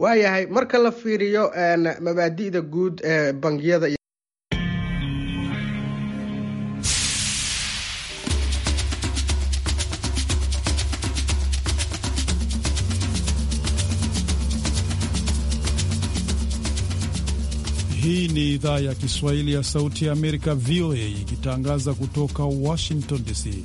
waayahay marka la fiiriyo mabaadi'da guud ee bangiyada Hii ni idhaa ya Kiswahili ya Sauti ya Amerika, VOA, ikitangaza kutoka Washington DC.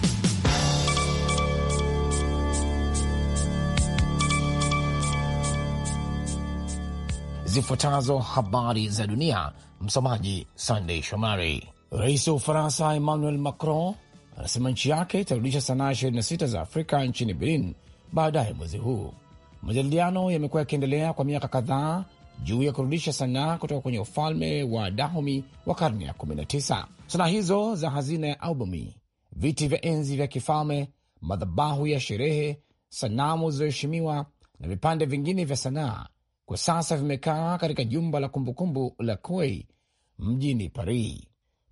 Zifuatazo habari za dunia, msomaji Sandey Shomari. Rais wa Ufaransa Emmanuel Macron anasema nchi yake itarudisha sanaa 26 za Afrika nchini Benin baadaye mwezi huu. Majadiliano yamekuwa yakiendelea kwa miaka kadhaa juu ya kurudisha sanaa kutoka kwenye ufalme wa Dahomi wa karne ya 19. Sanaa hizo za hazina ya albumi, viti vya enzi vya kifalme, madhabahu ya sherehe, sanamu zilizoheshimiwa na vipande vingine vya sanaa kwa sasa vimekaa katika jumba la kumbukumbu la Quai mjini Paris.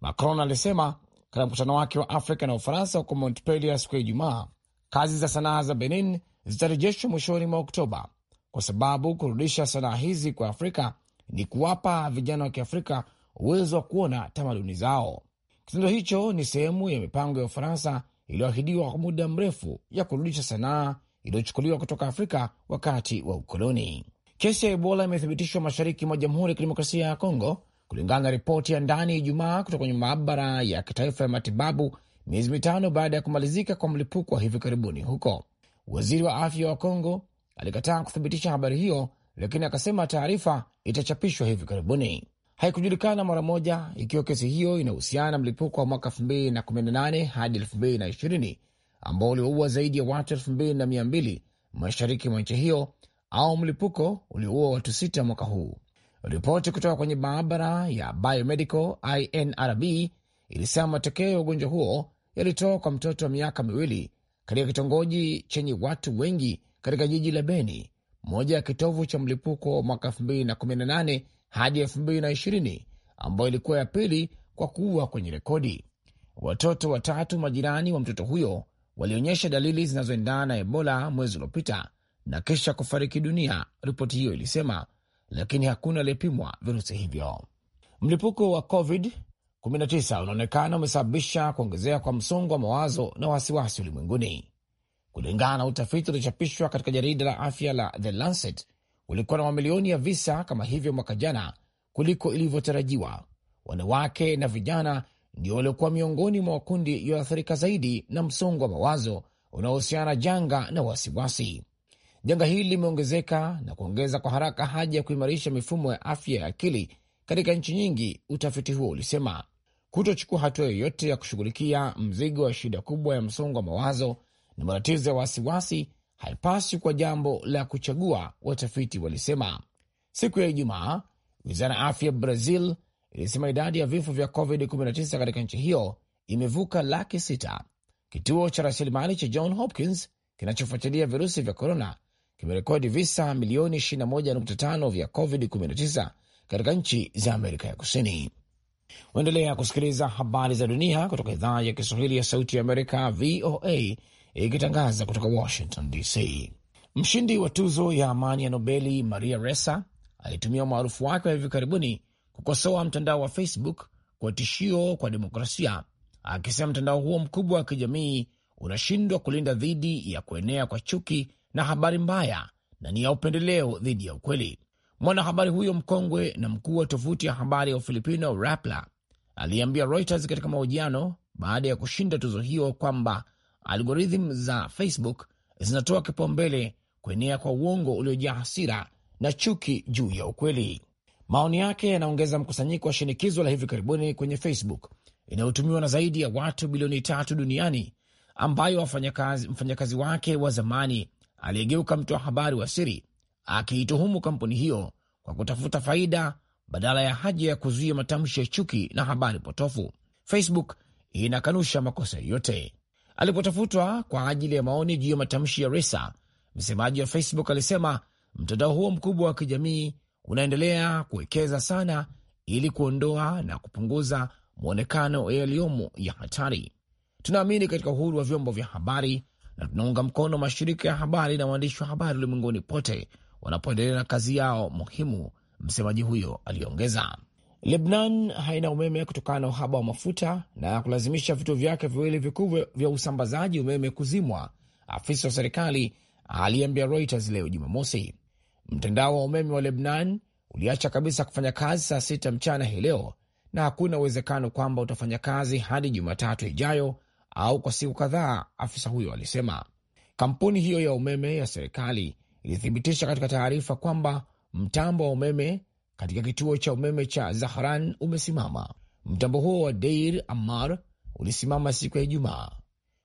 Macron alisema katika mkutano wake wa Afrika na Ufaransa huko Montpellier siku ya Ijumaa, kazi za sanaa za Benin zitarejeshwa mwishoni mwa Oktoba kwa sababu kurudisha sanaa hizi kwa Afrika ni kuwapa vijana wa Kiafrika uwezo wa kuona tamaduni zao. Kitendo hicho ni sehemu ya mipango ya Ufaransa iliyoahidiwa kwa muda mrefu ya kurudisha sanaa iliyochukuliwa kutoka Afrika wakati wa ukoloni. Kesi ya Ebola imethibitishwa mashariki mwa Jamhuri ya Kidemokrasia ya Kongo, kulingana na ripoti ya ndani Ijumaa kutoka kwenye maabara ya kitaifa ya matibabu, miezi mitano baada ya kumalizika kwa mlipuko wa hivi karibuni huko. Waziri wa afya wa Kongo alikataa kuthibitisha habari hiyo, lakini akasema taarifa itachapishwa hivi karibuni. Haikujulikana mara moja ikiwa kesi hiyo inahusiana na mlipuko wa mwaka 2018 hadi 2020 ambao uliwaua zaidi ya watu 2200 mashariki mwa nchi hiyo au mlipuko ulioua watu sita mwaka huu. Ripoti kutoka kwenye maabara ya biomedical INRB ilisema matokeo ya ugonjwa huo yalitoka kwa mtoto wa miaka miwili katika kitongoji chenye watu wengi katika jiji la Beni, moja ya kitovu cha mlipuko mwaka 2018 hadi 2020, ambayo ilikuwa ya pili kwa kuua kwenye rekodi. Watoto watatu majirani wa mtoto huyo walionyesha dalili zinazoendana na Ebola mwezi uliopita na kisha kufariki dunia, ripoti hiyo ilisema, lakini hakuna aliyepimwa virusi hivyo. Mlipuko wa COVID-19 unaonekana umesababisha kuongezea kwa msongo wa mawazo na wasiwasi ulimwenguni. Kulingana na utafiti uliochapishwa katika jarida la afya la The Lancet, ulikuwa na mamilioni ya visa kama hivyo mwaka jana kuliko ilivyotarajiwa. Wanawake na vijana ndio waliokuwa miongoni mwa makundi yaliyoathirika zaidi na msongo wa mawazo unaohusiana na janga na wasiwasi. Janga hili limeongezeka na kuongeza kwa haraka haja ya kuimarisha mifumo ya afya ya akili katika nchi nyingi, utafiti huo ulisema. Kutochukua hatua yoyote ya kushughulikia mzigo wa shida kubwa ya msongo wa mawazo na matatizo ya wasiwasi haipaswi kwa jambo la kuchagua, watafiti walisema. Siku ya Ijumaa, wizara ya afya Brazil ilisema idadi ya vifo vya COVID-19 katika nchi hiyo imevuka laki sita. Kituo cha rasilimali cha John Hopkins kinachofuatilia virusi vya korona kimerekodi visa milioni 21.5 vya COVID-19 katika nchi za Amerika ya Kusini. Waendelea kusikiliza habari za dunia kutoka idhaa ya Kiswahili ya Sauti ya Amerika, VOA, ikitangaza kutoka Washington DC. Mshindi wa tuzo ya amani ya Nobeli Maria Ressa alitumia umaarufu wake wa hivi karibuni kukosoa mtandao wa Facebook kwa tishio kwa demokrasia, akisema mtandao huo mkubwa wa kijamii unashindwa kulinda dhidi ya kuenea kwa chuki na habari mbaya na ni ya upendeleo dhidi ya ukweli. Mwanahabari huyo mkongwe na mkuu wa tovuti ya habari ya Ufilipino Rapla aliambia Reuters katika mahojiano baada ya kushinda tuzo hiyo kwamba algorithm za Facebook zinatoa kipaumbele kuenea kwa uongo uliojaa hasira na chuki juu ya ukweli. Maoni yake yanaongeza mkusanyiko wa shinikizo la hivi karibuni kwenye Facebook inayotumiwa na zaidi ya watu bilioni tatu duniani ambayo mfanyakazi wake wa zamani aliyegeuka mtoa habari wa siri akiituhumu kampuni hiyo kwa kutafuta faida badala ya haja ya kuzuia matamshi ya chuki na habari potofu. Facebook inakanusha makosa yoyote. Alipotafutwa kwa ajili ya maoni juu ya matamshi ya Risa, msemaji wa Facebook alisema mtandao huo mkubwa wa kijamii unaendelea kuwekeza sana ili kuondoa na kupunguza mwonekano yaliyomo ya hatari. Tunaamini katika uhuru wa vyombo vya habari na tunaunga mkono mashirika ya habari na waandishi wa habari ulimwenguni pote wanapoendelea na kazi yao muhimu, msemaji huyo aliongeza. Lebnan haina umeme kutokana na uhaba wa mafuta na kulazimisha vituo vyake viwili vikubwa vya usambazaji umeme kuzimwa, afisa wa serikali aliambia Reuters leo Jumamosi. Mtandao wa umeme wa Lebnan uliacha kabisa kufanya kazi saa sita mchana hii leo na hakuna uwezekano kwamba utafanya kazi hadi Jumatatu ijayo, au kwa siku kadhaa, afisa huyo alisema. Kampuni hiyo ya umeme ya serikali ilithibitisha katika taarifa kwamba mtambo wa umeme katika kituo cha umeme cha Zahran umesimama. Mtambo huo wa Deir amar ulisimama siku ya Ijumaa.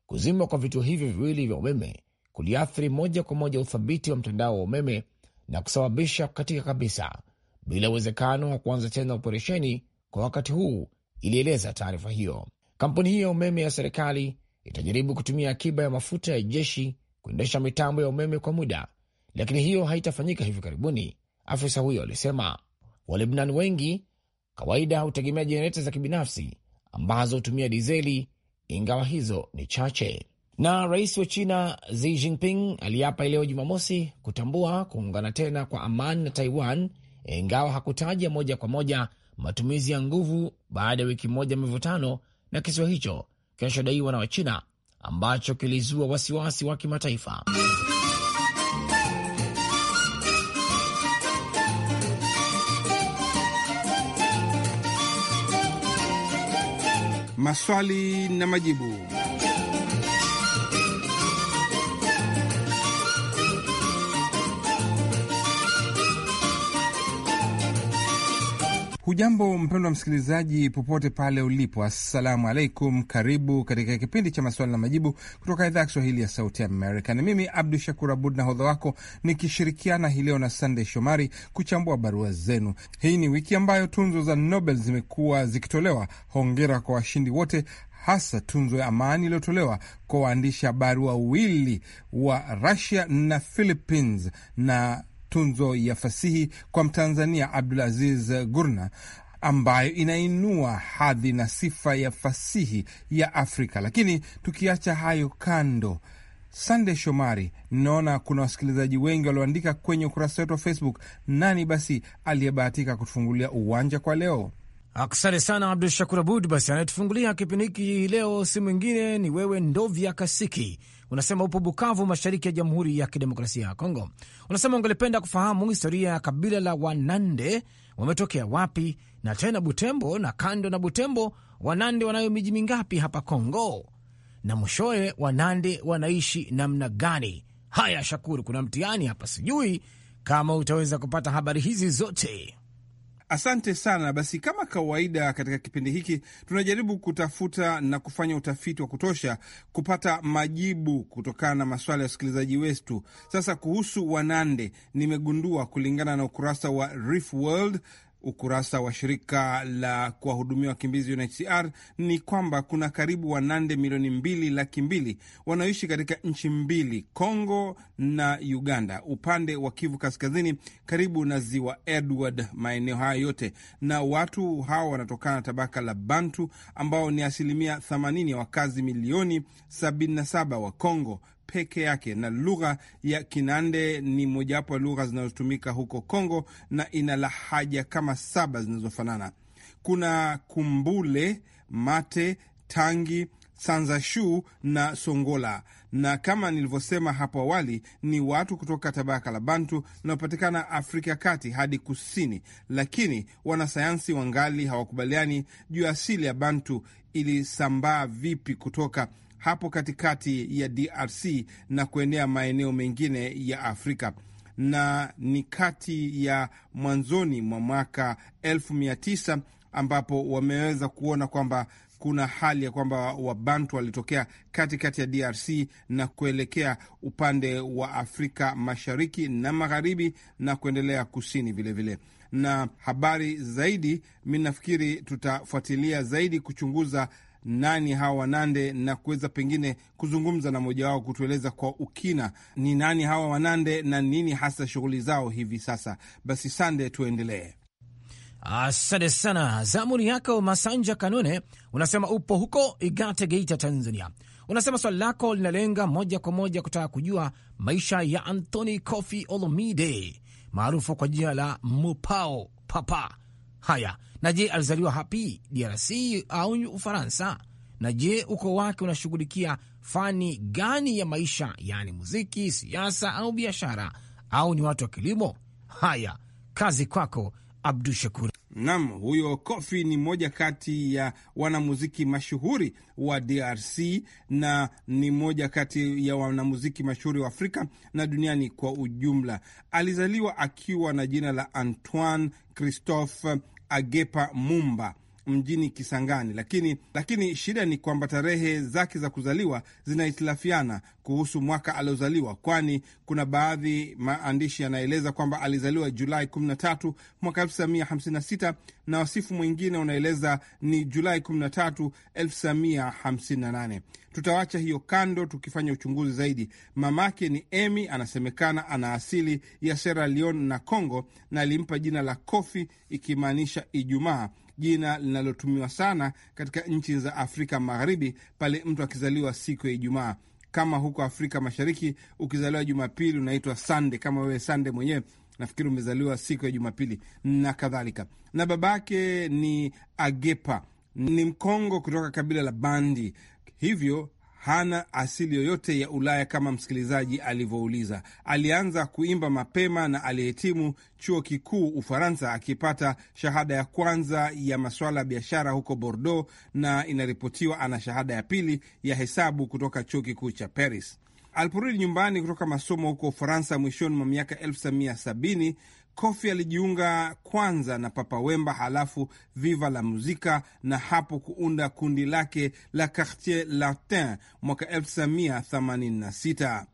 Kuzima kwa vituo hivyo viwili vya umeme kuliathiri moja kwa moja uthabiti wa mtandao wa umeme na kusababisha kukatika kabisa, bila uwezekano wa kuanza tena operesheni kwa wakati huu, ilieleza taarifa hiyo. Kampuni hiyo ya umeme ya serikali itajaribu kutumia akiba ya mafuta ya jeshi kuendesha mitambo ya umeme kwa muda, lakini hiyo haitafanyika hivi karibuni, afisa huyo alisema. Walebnan wengi kawaida hutegemea jenereta za kibinafsi ambazo hutumia dizeli, ingawa hizo ni chache. Na rais wa China Xi Jinping aliapa leo Jumamosi kutambua kuungana tena kwa amani na Taiwan, ingawa hakutaja moja kwa moja matumizi ya nguvu baada ya wiki moja mivutano na kisiwa hicho kinachodaiwa na Wachina ambacho kilizua wasiwasi wa kimataifa. Maswali na majibu. Hujambo mpendwa msikilizaji, popote pale ulipo, assalamu alaikum. Karibu katika kipindi cha maswali na majibu kutoka idhaa ya Kiswahili ya Sauti Amerika. Ni mimi Abdu Shakur Abud, na hodha wako nikishirikiana hii leo na Sandey Shomari kuchambua barua zenu. Hii ni wiki ambayo tunzo za Nobel zimekuwa zikitolewa. Hongera kwa washindi wote, hasa tunzo ya amani iliyotolewa kwa waandishi habari wawili wa Rusia na Philippines na tunzo ya fasihi kwa Mtanzania Abdul Aziz Gurna ambayo inainua hadhi na sifa ya fasihi ya Afrika. Lakini tukiacha hayo kando, Sande Shomari, naona kuna wasikilizaji wengi walioandika kwenye ukurasa wetu wa Facebook. Nani basi aliyebahatika kutufungulia uwanja kwa leo? Asante sana Abdu Shakur Abud. Basi anayetufungulia kipindi hiki hii leo si mwingine ni wewe Ndovya Kasiki. Unasema upo Bukavu, mashariki ya Jamhuri ya Kidemokrasia ya Kongo. Unasema ungelipenda kufahamu historia ya kabila la Wanande, wametokea wapi, na tena Butembo na kando na Butembo, Wanande wanayo miji mingapi hapa Kongo, na mwishowe Wanande wanaishi namna gani? Haya Shakuru, kuna mtihani hapa, sijui kama utaweza kupata habari hizi zote. Asante sana. Basi kama kawaida, katika kipindi hiki tunajaribu kutafuta na kufanya utafiti wa kutosha kupata majibu kutokana na maswala ya wasikilizaji wetu. Sasa kuhusu Wanande, nimegundua kulingana na ukurasa wa World ukurasa wa shirika la kuwahudumia wakimbizi UNHCR ni kwamba kuna karibu wanande milioni mbili laki mbili wanaoishi katika nchi mbili, Congo na Uganda, upande wa Kivu Kaskazini karibu na ziwa Edward, maeneo haya yote. Na watu hawa wanatokana na tabaka la Bantu ambao ni asilimia 80 ya wakazi milioni 77 wa Congo peke yake na lugha ya Kinande ni mojawapo ya lugha zinazotumika huko Kongo na ina lahaja kama saba zinazofanana. Kuna Kumbule, Mate, Tangi, Sanzashu na Songola, na kama nilivyosema hapo awali, ni watu kutoka tabaka la Bantu linalopatikana Afrika ya kati hadi kusini, lakini wanasayansi wangali hawakubaliani juu ya asili ya Bantu ilisambaa vipi kutoka hapo katikati ya DRC na kuenea maeneo mengine ya Afrika na ni kati ya mwanzoni mwa mwaka 1900 ambapo wameweza kuona kwamba kuna hali ya kwamba Wabantu walitokea katikati ya DRC na kuelekea upande wa Afrika mashariki na magharibi na kuendelea kusini vilevile vile. Na habari zaidi, mi nafikiri tutafuatilia zaidi kuchunguza nani hawa Wanande na kuweza pengine kuzungumza na mmoja wao kutueleza kwa ukina ni nani hawa Wanande na nini hasa shughuli zao hivi sasa. Basi Sande, tuendelee. Asante sana. Zamuni yako Masanja Kanone, unasema upo huko Igate, Geita, Tanzania. Unasema swali lako linalenga moja kwa moja kutaka kujua maisha ya Anthony Kofi Olomide maarufu kwa jina la Mupao Papa. Haya, na je, alizaliwa hapi DRC au Ufaransa? Na je, ukoo wake unashughulikia fani gani ya maisha, yaani muziki, siasa au biashara, au ni watu wa kilimo? Haya, kazi kwako Abdu Shakur. Nam, huyo Kofi ni mmoja kati ya wanamuziki mashuhuri wa DRC na ni mmoja kati ya wanamuziki mashuhuri wa Afrika na duniani kwa ujumla. Alizaliwa akiwa na jina la Antoine Christophe Agepa Mumba mjini Kisangani, lakini lakini shida ni kwamba tarehe zake za kuzaliwa zinahitilafiana kuhusu mwaka aliozaliwa, kwani kuna baadhi maandishi yanaeleza kwamba alizaliwa Julai 13 mwaka 1956 na wasifu mwingine unaeleza ni Julai 13, 1958. Tutawacha hiyo kando tukifanya uchunguzi zaidi. Mamake ni Emi, anasemekana ana asili ya Sierra Leone na Congo, na alimpa jina la Kofi ikimaanisha Ijumaa jina linalotumiwa sana katika nchi za Afrika Magharibi pale mtu akizaliwa siku ya Ijumaa. Kama huko Afrika Mashariki ukizaliwa Jumapili unaitwa Sande, kama wewe Sande mwenyewe nafikiri umezaliwa siku ya Jumapili na kadhalika. Na babake ni Agepa, ni Mkongo kutoka kabila la Bandi, hivyo hana asili yoyote ya Ulaya kama msikilizaji alivyouliza. Alianza kuimba mapema na alihitimu chuo kikuu Ufaransa, akipata shahada ya kwanza ya masuala ya biashara huko Bordeaux, na inaripotiwa ana shahada ya pili ya hesabu kutoka chuo kikuu cha Paris. Aliporudi nyumbani kutoka masomo huko Ufaransa mwishoni mwa miaka Kofi alijiunga kwanza na Papa Wemba, halafu Viva la Muzika, na hapo kuunda kundi lake la Quartier Latin mwaka 1986.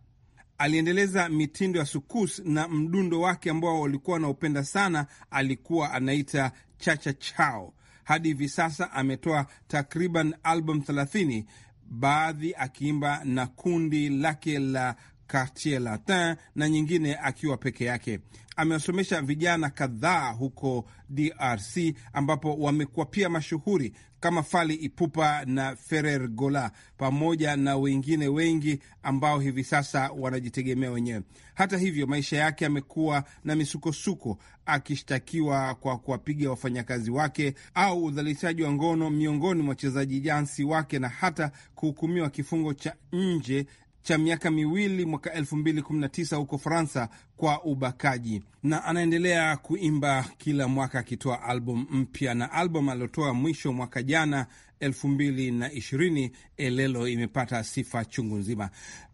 Aliendeleza mitindo ya sukus na mdundo wake ambao walikuwa wanaopenda sana, alikuwa anaita chacha chao. Hadi hivi sasa ametoa takriban albamu 30, baadhi akiimba na kundi lake la Quartier Latin na nyingine akiwa peke yake. Amewasomesha vijana kadhaa huko DRC ambapo wamekuwa pia mashuhuri kama fali Ipupa na Ferrer Gola pamoja na wengine wengi ambao hivi sasa wanajitegemea wenyewe. Hata hivyo, maisha yake amekuwa na misukosuko, akishtakiwa kwa kuwapiga wafanyakazi wake au udhalilishaji wa ngono miongoni mwa wachezaji jansi wake na hata kuhukumiwa kifungo cha nje cha miaka miwili mwaka 2019 huko Fransa kwa ubakaji, na anaendelea kuimba kila mwaka akitoa albamu mpya, na albamu aliotoa mwisho mwaka jana 2020 Elelo imepata sifa chungu nzima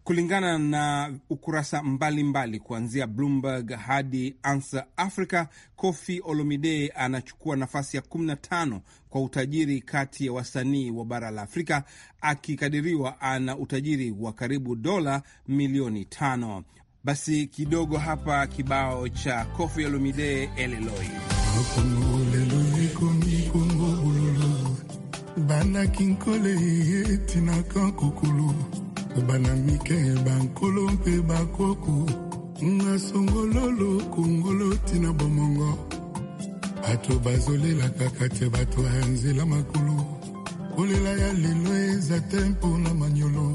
kulingana na ukurasa mbalimbali kuanzia Bloomberg hadi Answer Africa, Kofi Olomide anachukua nafasi ya 15 kwa utajiri kati ya wasanii wa bara la Afrika, akikadiriwa ana utajiri wa karibu dola milioni tano. Basi kidogo hapa kibao cha Kofi Olomide Eleloi bana kinkole yetinaka kokulu Bana mike bankolo mpe bakoku nga songololo kongolo tina bomongo bato bazolela kaka te bato ya nzela makolo kolela ya lelo eza te mpona manyolo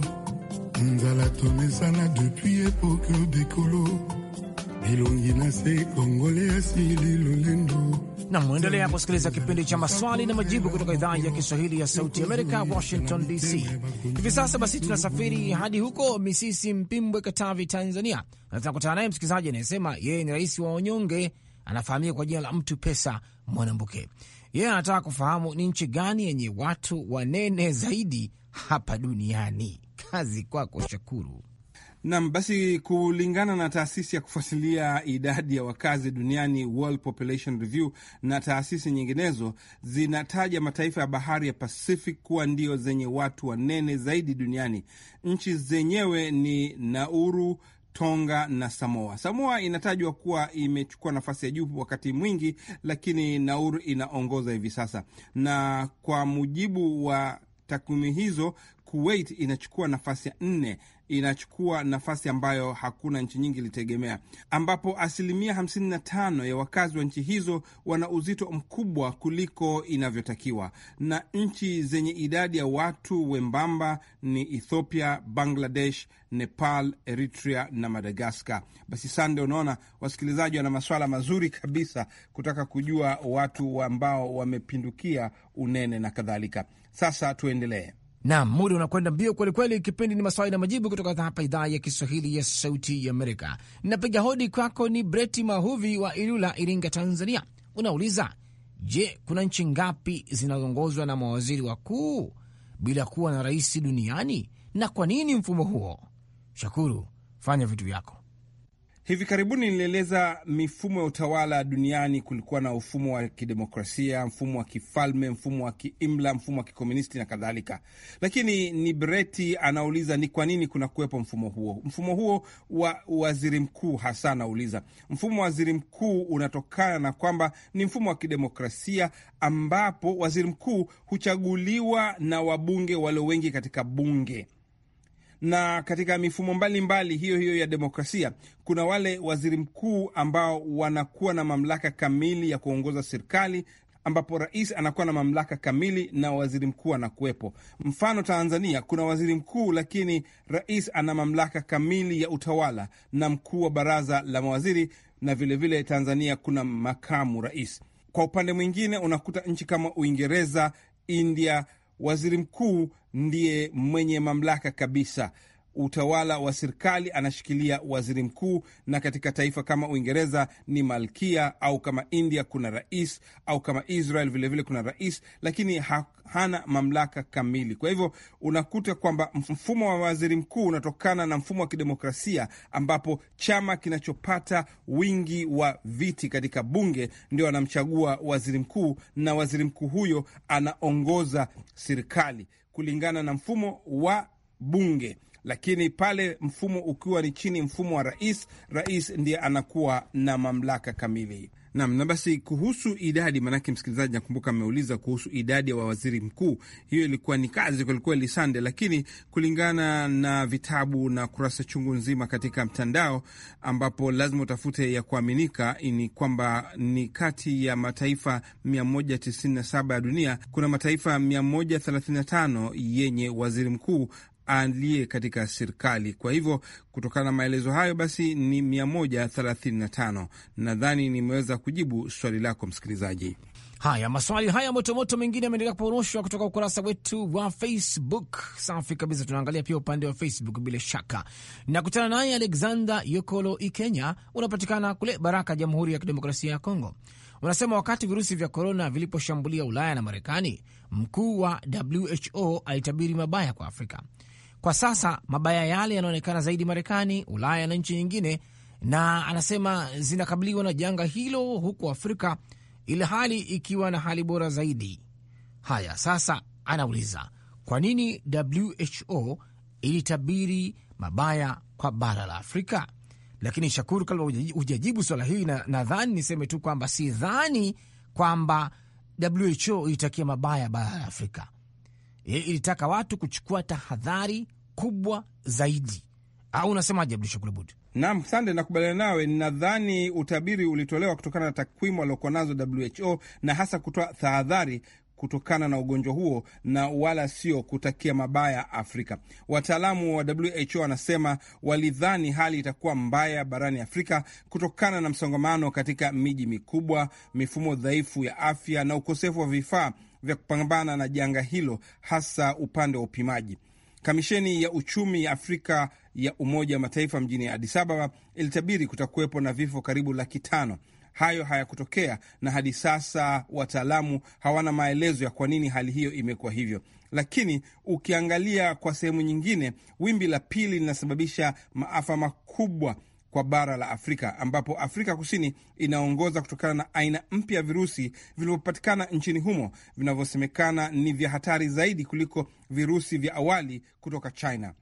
nzala tomesana depuis epoke dekolo elongi na se kongole ya sililolendo na mwendelea kusikiliza kipindi cha maswali na majibu kutoka idhaa ya Kiswahili ya Sauti Amerika, Washington DC. Hivi sasa basi tunasafiri hadi huko Misisi, Mpimbwe, Katavi, Tanzania, na tunakutana naye msikilizaji anayesema yeye ni rais wa wanyonge, anafahamika kwa jina la Mtu Pesa Mwanambuke. Yeye anataka kufahamu ni nchi gani yenye watu wanene zaidi hapa duniani. Kazi kwako, Shakuru. Nam, basi kulingana na taasisi ya kufuatilia idadi ya wakazi duniani World Population Review na taasisi nyinginezo zinataja mataifa ya bahari ya Pacific kuwa ndio zenye watu wanene zaidi duniani. Nchi zenyewe ni Nauru, Tonga na Samoa. Samoa inatajwa kuwa imechukua nafasi ya juu wakati mwingi, lakini Nauru inaongoza hivi sasa, na kwa mujibu wa takwimu hizo Kuwait inachukua nafasi ya nne inachukua nafasi ambayo hakuna nchi nyingi ilitegemea, ambapo asilimia 55 ya wakazi wa nchi hizo wana uzito mkubwa kuliko inavyotakiwa. Na nchi zenye idadi ya watu wembamba ni Ethiopia, Bangladesh, Nepal, Eritrea na Madagaskar. Basi Sande, unaona wasikilizaji wana maswala mazuri kabisa kutaka kujua watu ambao wamepindukia unene na kadhalika. Sasa tuendelee. Nam, muda unakwenda mbio kwelikweli. Kipindi ni maswali na majibu kutoka hapa idhaa ya Kiswahili ya Sauti ya Amerika. Napiga hodi kwako ni Breti Mahuvi wa Ilula, Iringa, Tanzania. Unauliza, je, kuna nchi ngapi zinazoongozwa na mawaziri wakuu bila kuwa na rais duniani na kwa nini mfumo huo? Shakuru, fanya vitu vyako. Hivi karibuni nilieleza mifumo ya utawala duniani. Kulikuwa na mfumo wa kidemokrasia, mfumo wa kifalme, mfumo wa kiimla, mfumo wa kikomunisti na kadhalika. Lakini Nibreti anauliza ni kwa nini kuna kuwepo mfumo huo, mfumo huo wa waziri mkuu hasa. Anauliza mfumo wa waziri mkuu unatokana na kwamba ni mfumo wa kidemokrasia ambapo waziri mkuu huchaguliwa na wabunge walio wengi katika bunge na katika mifumo mbalimbali hiyo hiyo ya demokrasia kuna wale waziri mkuu ambao wanakuwa na mamlaka kamili ya kuongoza serikali ambapo rais anakuwa na mamlaka kamili na waziri mkuu anakuwepo. Mfano, Tanzania kuna waziri mkuu, lakini rais ana mamlaka kamili ya utawala na mkuu wa baraza la mawaziri, na vilevile vile Tanzania kuna makamu rais. Kwa upande mwingine, unakuta nchi kama Uingereza, India, waziri mkuu ndiye mwenye mamlaka kabisa. Utawala wa serikali anashikilia waziri mkuu, na katika taifa kama Uingereza ni malkia, au kama India kuna rais, au kama Israel vilevile vile kuna rais, lakini ha hana mamlaka kamili. Kwa hivyo unakuta kwamba mfumo wa waziri mkuu unatokana na mfumo wa kidemokrasia ambapo chama kinachopata wingi wa viti katika bunge ndio anamchagua waziri mkuu, na waziri mkuu huyo anaongoza serikali kulingana na mfumo wa bunge lakini pale mfumo ukiwa ni chini mfumo wa rais, rais ndiye anakuwa na mamlaka kamili. Nam na basi, kuhusu idadi, maanake msikilizaji nakumbuka ameuliza kuhusu idadi ya wa waziri mkuu. Hiyo ilikuwa ni kazi kwelikweli, Sande, lakini kulingana na vitabu na kurasa chungu nzima katika mtandao, ambapo lazima utafute ya kuaminika, ni kwamba ni kati ya mataifa 197 ya dunia kuna mataifa 135 yenye waziri mkuu aliye katika serikali. Kwa hivyo kutokana na maelezo hayo basi ni 135. Nadhani nimeweza kujibu swali lako msikilizaji. Haya, maswali haya motomoto mengine yameendelea kuporoshwa kutoka ukurasa wetu wa Facebook. Safi kabisa, tunaangalia pia upande wa Facebook bila shaka. Nakutana naye Alexander Yokolo Ikenya, unapatikana kule Baraka, Jamhuri ya Kidemokrasia ya Kongo. Unasema wakati virusi vya korona viliposhambulia Ulaya na Marekani, mkuu wa WHO alitabiri mabaya kwa Afrika. Kwa sasa mabaya yale yanaonekana zaidi Marekani, Ulaya na nchi nyingine, na anasema zinakabiliwa na janga hilo huku Afrika ili hali ikiwa na hali bora zaidi. Haya, sasa anauliza kwa nini WHO ilitabiri mabaya kwa bara la Afrika? Lakini Shakuru, kabla hujajibu swala hili, nadhani na niseme tu kwamba sidhani kwamba WHO ilitakia mabaya bara la Afrika ilitaka watu kuchukua tahadhari kubwa zaidi, au unasemaje Abdushakur Abud? Naam, sande, nakubaliana nawe. Nadhani utabiri ulitolewa kutokana na takwimu aliokuwa nazo WHO na hasa kutoa tahadhari kutokana na ugonjwa huo na wala sio kutakia mabaya Afrika. Wataalamu wa WHO wanasema walidhani hali itakuwa mbaya barani Afrika kutokana na msongamano katika miji mikubwa, mifumo dhaifu ya afya na ukosefu wa vifaa vya kupambana na janga hilo, hasa upande wa upimaji. Kamisheni ya uchumi ya Afrika ya Umoja wa Mataifa mjini Addis Ababa ilitabiri kutakuwepo na vifo karibu laki tano. Hayo hayakutokea na hadi sasa wataalamu hawana maelezo ya kwa nini hali hiyo imekuwa hivyo. Lakini ukiangalia kwa sehemu nyingine, wimbi la pili linasababisha maafa makubwa kwa bara la Afrika, ambapo Afrika Kusini inaongoza kutokana na aina mpya ya virusi vilivyopatikana nchini humo vinavyosemekana ni vya hatari zaidi kuliko virusi vya awali kutoka China.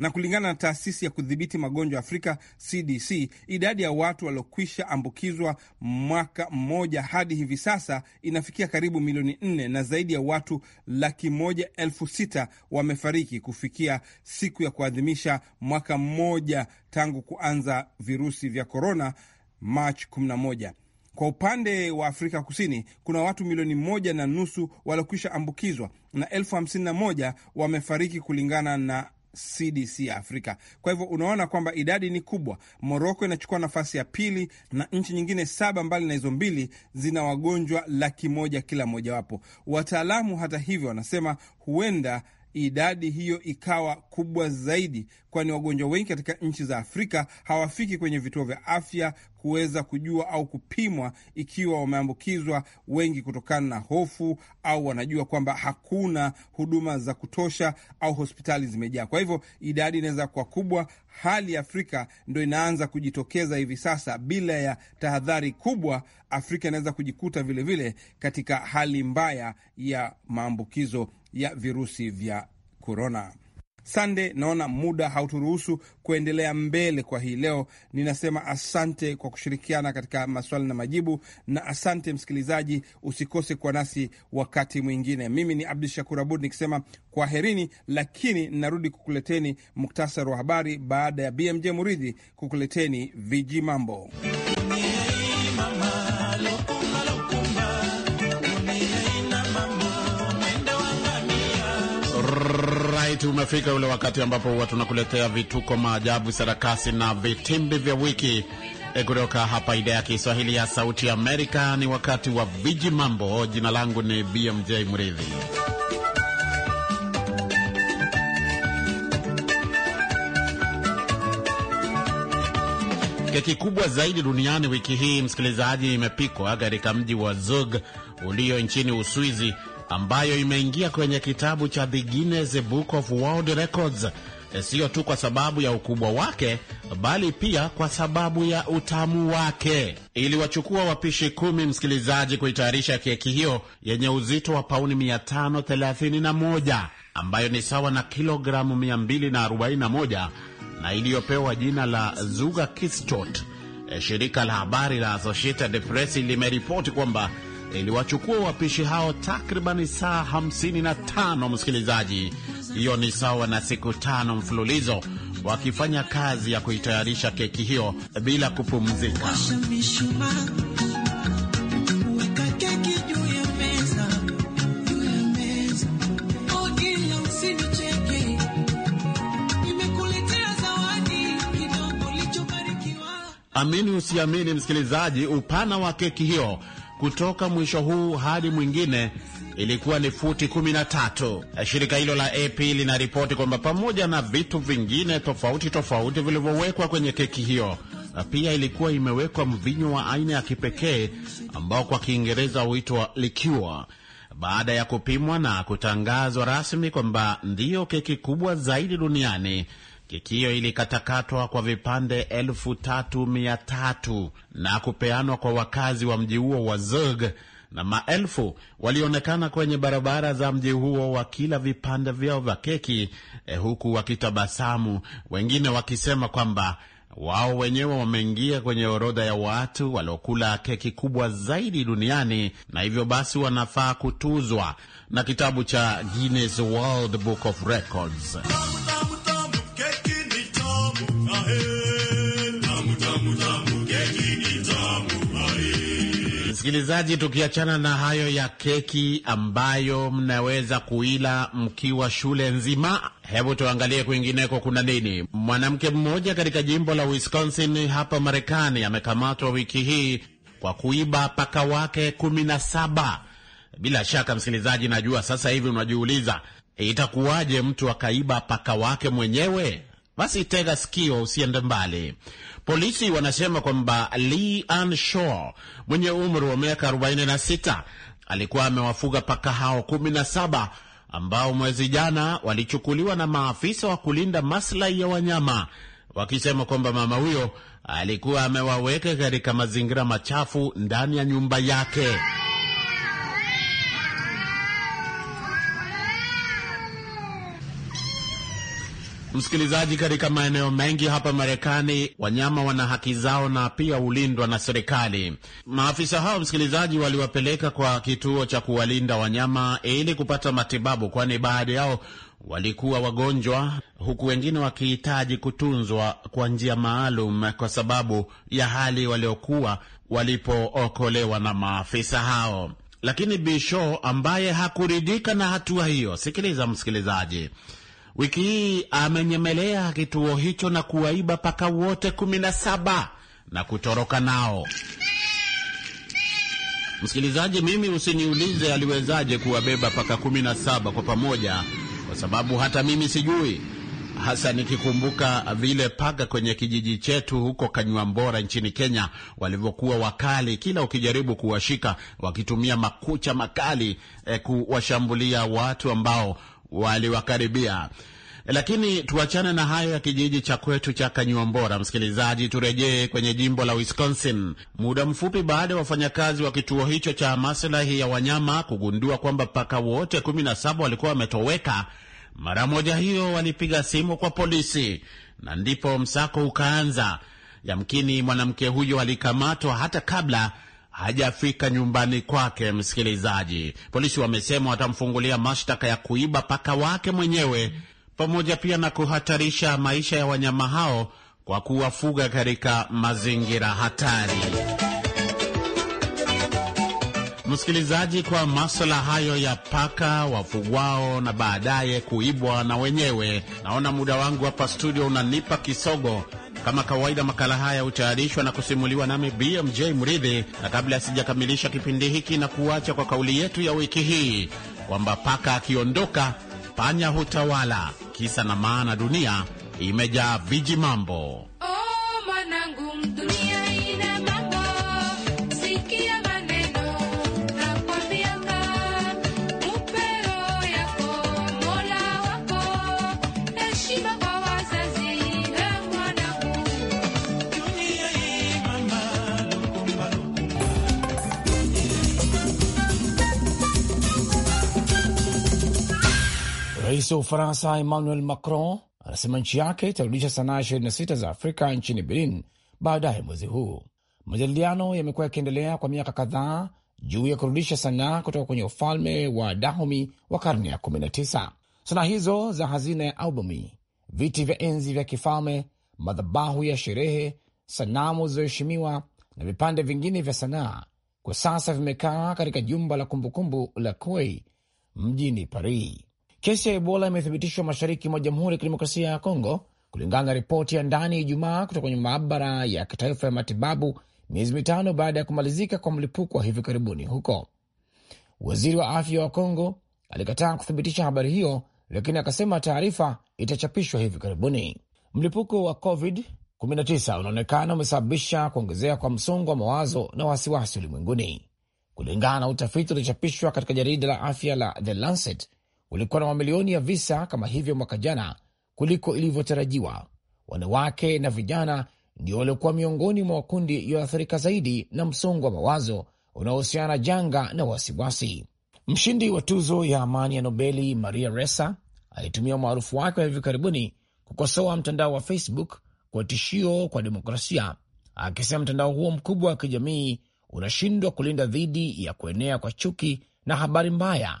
Na kulingana na taasisi ya kudhibiti magonjwa Afrika CDC, idadi ya watu waliokwisha ambukizwa mwaka mmoja hadi hivi sasa inafikia karibu milioni nne na zaidi ya watu laki moja elfu sita wamefariki kufikia siku ya kuadhimisha mwaka mmoja tangu kuanza virusi vya korona Machi 11. Kwa upande wa Afrika Kusini kuna watu milioni moja na nusu waliokwisha ambukizwa na elfu hamsini na moja wamefariki kulingana na CDC ya Afrika. Kwa hivyo unaona kwamba idadi ni kubwa. Moroko inachukua nafasi ya pili na nchi nyingine saba mbali na hizo mbili zina wagonjwa laki moja kila mojawapo. Wataalamu hata hivyo wanasema huenda idadi hiyo ikawa kubwa zaidi, kwani wagonjwa wengi katika nchi za Afrika hawafiki kwenye vituo vya afya kuweza kujua au kupimwa ikiwa wameambukizwa, wengi kutokana na hofu au wanajua kwamba hakuna huduma za kutosha au hospitali zimejaa. Kwa hivyo idadi inaweza kuwa kubwa. Hali ya Afrika ndo inaanza kujitokeza hivi sasa. Bila ya tahadhari kubwa, Afrika inaweza kujikuta vilevile vile katika hali mbaya ya maambukizo ya virusi vya korona. Sande, naona muda hauturuhusu kuendelea mbele kwa hii leo. Ninasema asante kwa kushirikiana katika maswali na majibu, na asante msikilizaji, usikose kwa nasi wakati mwingine. Mimi ni Abdu Shakur Abud nikisema kwaherini, lakini narudi kukuleteni muktasari wa habari baada ya BMJ Muridhi kukuleteni viji mambo. mkamiti, umefika ule wakati ambapo huwa tunakuletea vituko, maajabu, sarakasi na vitimbi vya wiki eh, kutoka hapa idhaa ya Kiswahili ya Sauti ya Amerika. Ni wakati wa viji mambo. Jina langu ni BMJ Mridhi. Keki kubwa zaidi duniani wiki hii, msikilizaji, imepikwa katika mji wa Zug ulio nchini Uswizi ambayo imeingia kwenye kitabu cha The Guinness Book of World Records, eh, siyo tu kwa sababu ya ukubwa wake, bali pia kwa sababu ya utamu wake. Iliwachukua wapishi kumi, msikilizaji, kuitayarisha keki hiyo yenye uzito wa pauni 531 ambayo ni sawa na kilogramu 241 na iliyopewa jina la Zuga Kistot. Eh, shirika la habari la Associated Press limeripoti kwamba iliwachukua wapishi hao takribani saa 55, msikilizaji. Hiyo ni sawa na siku tano mfululizo wakifanya kazi ya kuitayarisha keki hiyo bila kupumzika. Amini usiamini, msikilizaji, upana wa keki hiyo kutoka mwisho huu hadi mwingine ilikuwa ni futi 13. Shirika hilo la AP linaripoti kwamba pamoja na vitu vingine tofauti tofauti vilivyowekwa kwenye keki hiyo, pia ilikuwa imewekwa mvinyo wa aina ya kipekee ambao kwa Kiingereza huitwa likiwa. Baada ya kupimwa na kutangazwa rasmi kwamba ndiyo keki kubwa zaidi duniani keki hiyo ilikatakatwa kwa vipande elfu tatu mia tatu na kupeanwa kwa wakazi wa mji huo wa Zug, na maelfu walionekana kwenye barabara za mji huo wakila vipande vyao vya keki eh, huku wakitabasamu, wengine wakisema kwamba wao wenyewe wameingia kwenye orodha ya watu waliokula keki kubwa zaidi duniani na hivyo basi wanafaa kutuzwa na kitabu cha Guinness World Book of Records. Msikilizaji, tukiachana na hayo ya keki ambayo mnaweza kuila mkiwa shule nzima, hebu tuangalie kwingineko kuna nini. Mwanamke mmoja katika jimbo la Wisconsin hapa Marekani amekamatwa wiki hii kwa kuiba paka wake kumi na saba. Bila shaka, msikilizaji, najua sasa hivi unajiuliza itakuwaje mtu akaiba paka wake mwenyewe? Basi tega sikio, usiende mbali. Polisi wanasema kwamba Lee Ann Shaw mwenye umri wa miaka 46 alikuwa amewafuga paka hao 17 ambao mwezi jana walichukuliwa na maafisa wa kulinda maslahi ya wanyama wakisema kwamba mama huyo alikuwa amewaweka katika mazingira machafu ndani ya nyumba yake. Msikilizaji, katika maeneo mengi hapa Marekani wanyama wana haki zao na pia hulindwa na serikali. Maafisa hao, msikilizaji, waliwapeleka kwa kituo cha kuwalinda wanyama ili kupata matibabu, kwani baadhi yao walikuwa wagonjwa, huku wengine wakihitaji kutunzwa kwa njia maalum kwa sababu ya hali waliokuwa walipookolewa na maafisa hao. Lakini Bisho ambaye hakuridhika na hatua hiyo, sikiliza msikilizaji Wiki hii amenyemelea kituo hicho na kuwaiba paka wote kumi na saba na kutoroka nao. Msikilizaji, mimi usiniulize aliwezaje kuwabeba paka kumi na saba kwa pamoja, kwa sababu hata mimi sijui, hasa nikikumbuka vile paka kwenye kijiji chetu huko mbora nchini Kenya walivyokuwa wakali, kila ukijaribu kuwashika wakitumia makucha makali eh, kuwashambulia watu ambao waliwakaribia. Lakini tuachane na hayo ya kijiji cha kwetu cha Kanyuambora, msikilizaji, turejee kwenye jimbo la Wisconsin. Muda mfupi baada ya wafanyakazi wa kituo hicho cha maslahi ya wanyama kugundua kwamba paka wote kumi na saba walikuwa wametoweka, mara moja hiyo walipiga simu kwa polisi na ndipo msako ukaanza. Yamkini mwanamke huyo alikamatwa hata kabla hajafika nyumbani kwake. Msikilizaji, polisi wamesema watamfungulia mashtaka ya kuiba paka wake mwenyewe pamoja pia na kuhatarisha maisha ya wanyama hao kwa kuwafuga katika mazingira hatari. Msikilizaji, kwa maswala hayo ya paka wafugwao na baadaye kuibwa na wenyewe, naona muda wangu hapa studio unanipa kisogo. Kama kawaida, makala haya hutayarishwa na kusimuliwa nami BMJ Mridhi, na kabla asijakamilisha kipindi hiki na kuacha kwa kauli yetu ya wiki hii kwamba paka akiondoka, panya hutawala. Kisa na maana, dunia imejaa viji mambo. Rais wa Ufaransa Emmanuel Macron anasema nchi yake itarudisha sanaa 26 za Afrika nchini Benin baadaye mwezi huu. Majadiliano yamekuwa yakiendelea kwa miaka kadhaa juu ya kurudisha sanaa kutoka kwenye ufalme wa Dahomi wa karne ya 19. Sanaa hizo za hazina ya albumi, viti vya enzi vya kifalme, madhabahu ya sherehe, sanamu zilizoheshimiwa na vipande vingine vya sanaa kwa sasa vimekaa katika jumba la kumbukumbu la Kuei mjini Paris. Kesi ya Ebola imethibitishwa mashariki mwa Jamhuri ya Kidemokrasia ya Kongo, kulingana na ripoti ya ndani Ijumaa kutoka kwenye maabara ya kitaifa ya matibabu, miezi mitano baada ya kumalizika kwa mlipuko wa hivi karibuni huko. Waziri wa afya wa Kongo alikataa kuthibitisha habari hiyo, lakini akasema taarifa itachapishwa hivi karibuni. Mlipuko wa COVID-19 unaonekana umesababisha kuongezea kwa msongo wa mawazo na wasiwasi ulimwenguni, kulingana na utafiti uliochapishwa katika jarida la afya la The Lancet ulikuwa na mamilioni ya visa kama hivyo mwaka jana kuliko ilivyotarajiwa. Wanawake na vijana ndio waliokuwa miongoni mwa makundi yaliyoathirika zaidi na msongo wa mawazo unaohusiana na janga na wasiwasi. Mshindi wa tuzo ya amani ya Nobeli Maria Ressa alitumia umaarufu wake wa hivi karibuni kukosoa mtandao wa Facebook kwa tishio kwa demokrasia, akisema mtandao huo mkubwa wa kijamii unashindwa kulinda dhidi ya kuenea kwa chuki na habari mbaya